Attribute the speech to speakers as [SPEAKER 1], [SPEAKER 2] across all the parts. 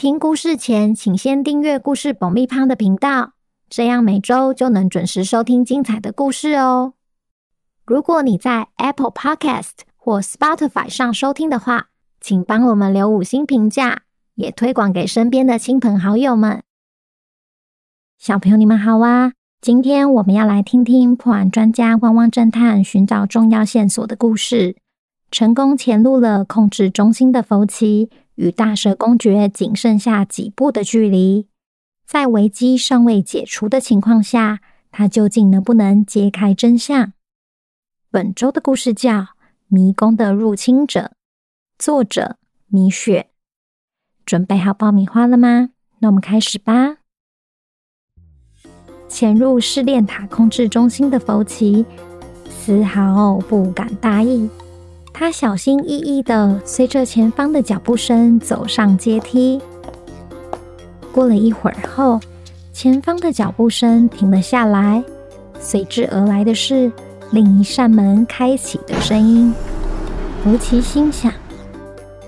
[SPEAKER 1] 聽故事前，請先訂閱故事爆米花的頻道，這樣每周就能準時收聽精彩的故事哦。如果你在 Apple Podcast 或 Spotify 上收聽的話，請幫我們留五星評價，也推廣給身邊的親朋好友們。小朋友，你們好啊！今天我們要來聽聽破案專家、汪汪偵探尋找重要線索的故事，成功潛入了控制中心的佛奇。與大蛇公爵僅剩下幾步的距離，在危機尚未解除的情況下，他究竟能不能揭開真相？本周的故事叫《迷宮的入侵者》，作者米雪。準備好爆米花了嗎？那我們開始吧。潛入試煉塔控制中心的佛奇，絲毫不敢大意。他小心翼翼地隨着前方的腳步聲走上階梯。過了一會兒後，前方的腳步聲停了下來，隨之而來的是另一扇門開啟的聲音。佛奇心想：“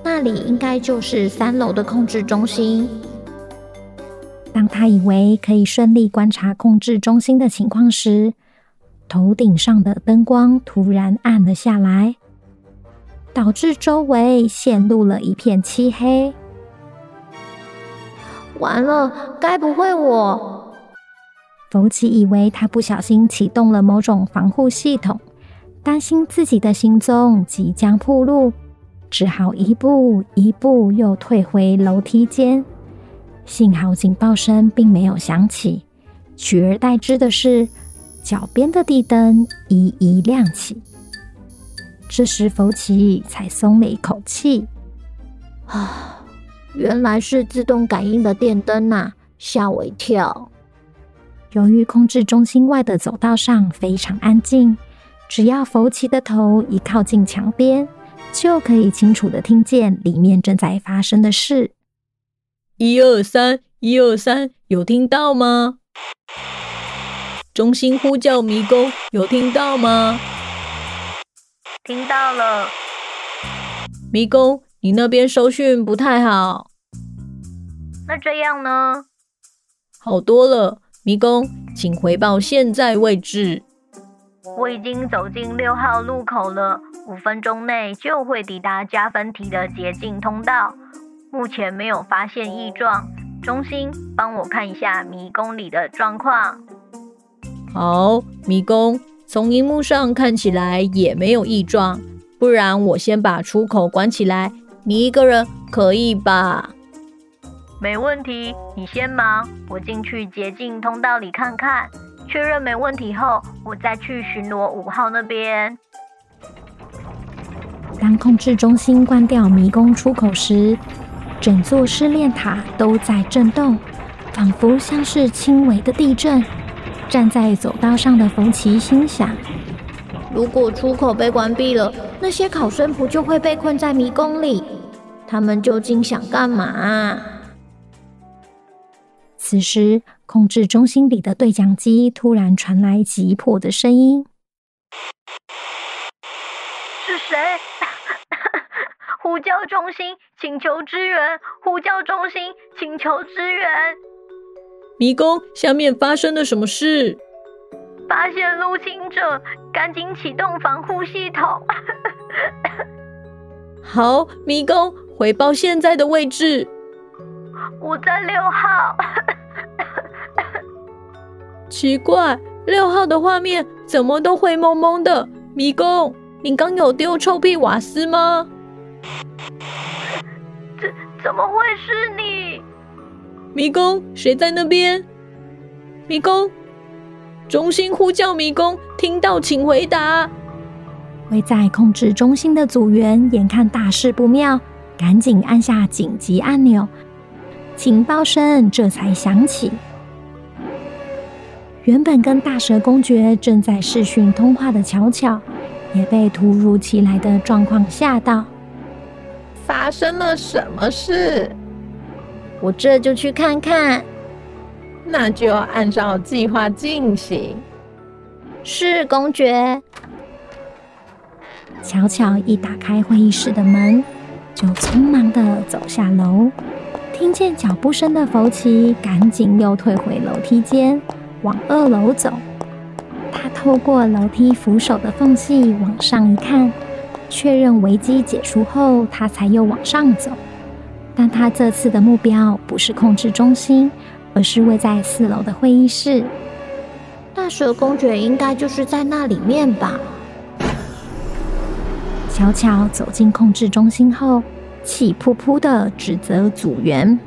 [SPEAKER 1] 那裡應該就是三樓的控制中心。”當他以為可以順利觀察控制中心的情況時，頭頂上的燈光突然暗了下來。導致周圍陷入了一片漆黑。完了，該不會我？佛奇以為他不小心啟動了某種防護系統，擔心自己的行蹤即將暴露，只好一步一步又退回樓梯間。幸好警報聲並沒有響起，取而代之的是腳邊的地燈一一亮起。這時，佛奇才鬆了一口氣。啊，
[SPEAKER 2] 原來
[SPEAKER 1] 是自動感應的電燈吶、啊，嚇我一跳！由於控制中心外的走道上非常安靜，只要佛奇的頭一靠近牆邊，就可以清楚地聽見裡面正在發生的事。一二
[SPEAKER 2] 三，一二三，有聽到嗎？中心呼叫迷宮，有聽到嗎？聽到了，迷宮，你那邊收訊不太好。那這樣呢？好多了，迷宮，請回報現在位置。我已經走進六號路口了，五分鐘內就會抵達加分題的捷徑通道。目前沒有發現異狀。中心，幫我看一下迷宮裡的狀況。好，迷宮。從熒幕上看起來也沒有異狀，不然我先把出口關起來，你一個人可以吧？沒問題，你先忙，我進去捷徑通道裡看看，確認沒問題後，我再去巡邏五號那邊。
[SPEAKER 1] 當控制中心關掉迷宮出口時，整座試煉塔都在震動，仿佛像是輕微的地震。站在走道上的佛奇心想：如果出口被關閉了，那些考生不就會被困在迷宮裡？他們究竟想幹嘛？此時，控制中心裡的對講機突然傳來急迫的聲音：“
[SPEAKER 2] 是誰？ 呼叫中心，請求支援！呼叫中心，請求支援！”迷宮下面發生了什麼事？發現入侵者，趕緊啟動防護系統。 好，迷宮，回報現在的位置。我在六號。 奇怪，六號的畫面怎麼都灰濛濛的？迷宮，你剛有丟臭屁瓦斯嗎？怎怎麼會是你？迷宮，誰在那邊？迷宮，中心呼叫迷宮，聽到請回答。
[SPEAKER 1] 位在控制中心的組員眼看大事不妙，趕緊按下緊急按鈕。警報聲這才響起。原本跟大蛇公爵正在視訊通話的巧巧，也被突如其來的狀況嚇
[SPEAKER 2] 到。發生了什麼事？我這就去看看。那就按照計劃進行。是公爵。
[SPEAKER 1] 悄悄一打開會議室的門，就匆忙地走下樓。聽見腳步聲的佛奇趕緊又退回樓梯間，往二樓走。他透過樓梯扶手的縫隙往上一看，確認危機解除後，他才又往上走。但他這次的目標不是控制中心，而是位在四樓的會議室。大蛇公爵應該就是在那裡面吧？悄悄走進控制中心後，氣噗噗的指責組員：“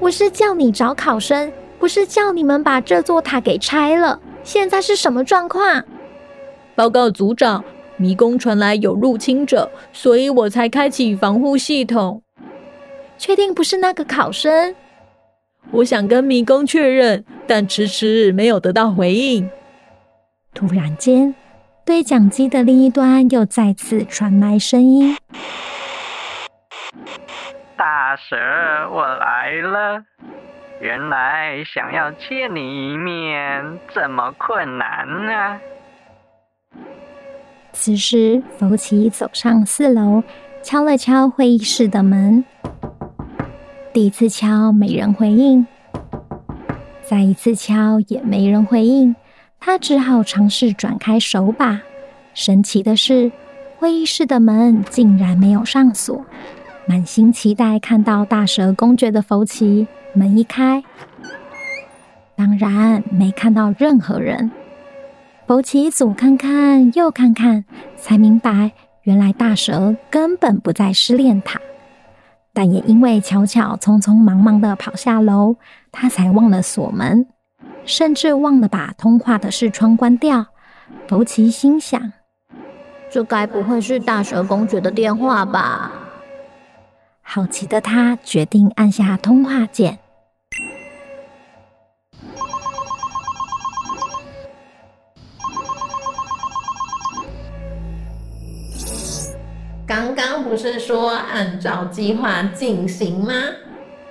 [SPEAKER 1] 我是叫你找考生，不是叫你們把這座塔給拆了。現在是什
[SPEAKER 2] 麼狀況？”報告組長，迷宮傳來有入侵者，所以我才開啟防護系統。確定不是那個考生，我想跟迷宮確認，但遲遲沒有得到回應。
[SPEAKER 1] 突然間，對講機的另一端又再次傳來聲音：“大蛇，我來了。原來想要見你一面，這麼困難啊！”此時，佛奇走上四樓，敲了敲會議室的門。第一次敲，沒人回應；再一次敲，也沒人回應。他只好嘗試轉開手把。神奇的是，會議室的門竟然沒有上鎖。滿心期待看到大蛇公爵的佛奇，門一開，當然沒看到任何人。佛奇左看看，右看看，才明白，原來大蛇根本不在失戀塔。但也因為巧巧匆匆忙忙地跑下樓，他才忘了鎖門，甚至忘了把通話的視窗關掉。佛奇心想：這該不會是大蛇公爵的電話吧？好奇的他決定按下通話鍵。
[SPEAKER 2] 剛剛不是說按照計劃進行嗎？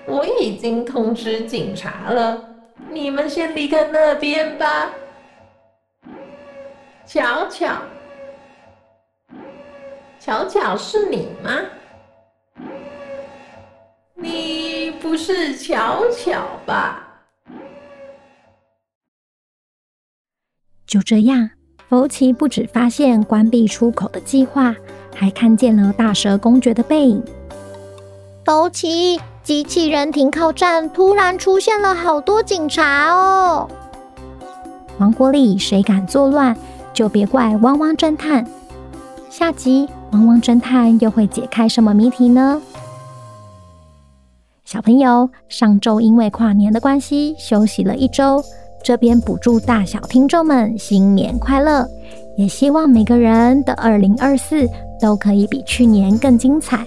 [SPEAKER 2] 我已經通知警察了，你們先離開那邊吧。巧巧，巧巧是你嗎？你不是巧巧吧？
[SPEAKER 1] 就這樣，佛奇不止發現關閉出口的計劃。還看見了大蛇公爵的背影。佛奇，機器人停靠站突然出現了好多警察哦！王國裡誰敢作亂，就別怪汪汪偵探。下集汪汪偵探又會解開什麼謎題呢？小朋友，上周因為跨年的關係休息了一周，這邊補祝大小聽眾們新年快樂，也希望每個人的二零二四。都可以比去年更精彩。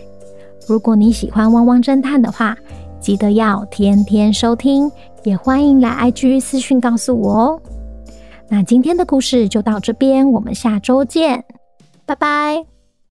[SPEAKER 1] 如果你喜歡《汪汪偵探》的話，記得要天天收聽，也歡迎來 IG 私訊告訴我哦。那今天的故事就到這邊，我們下周見，拜拜。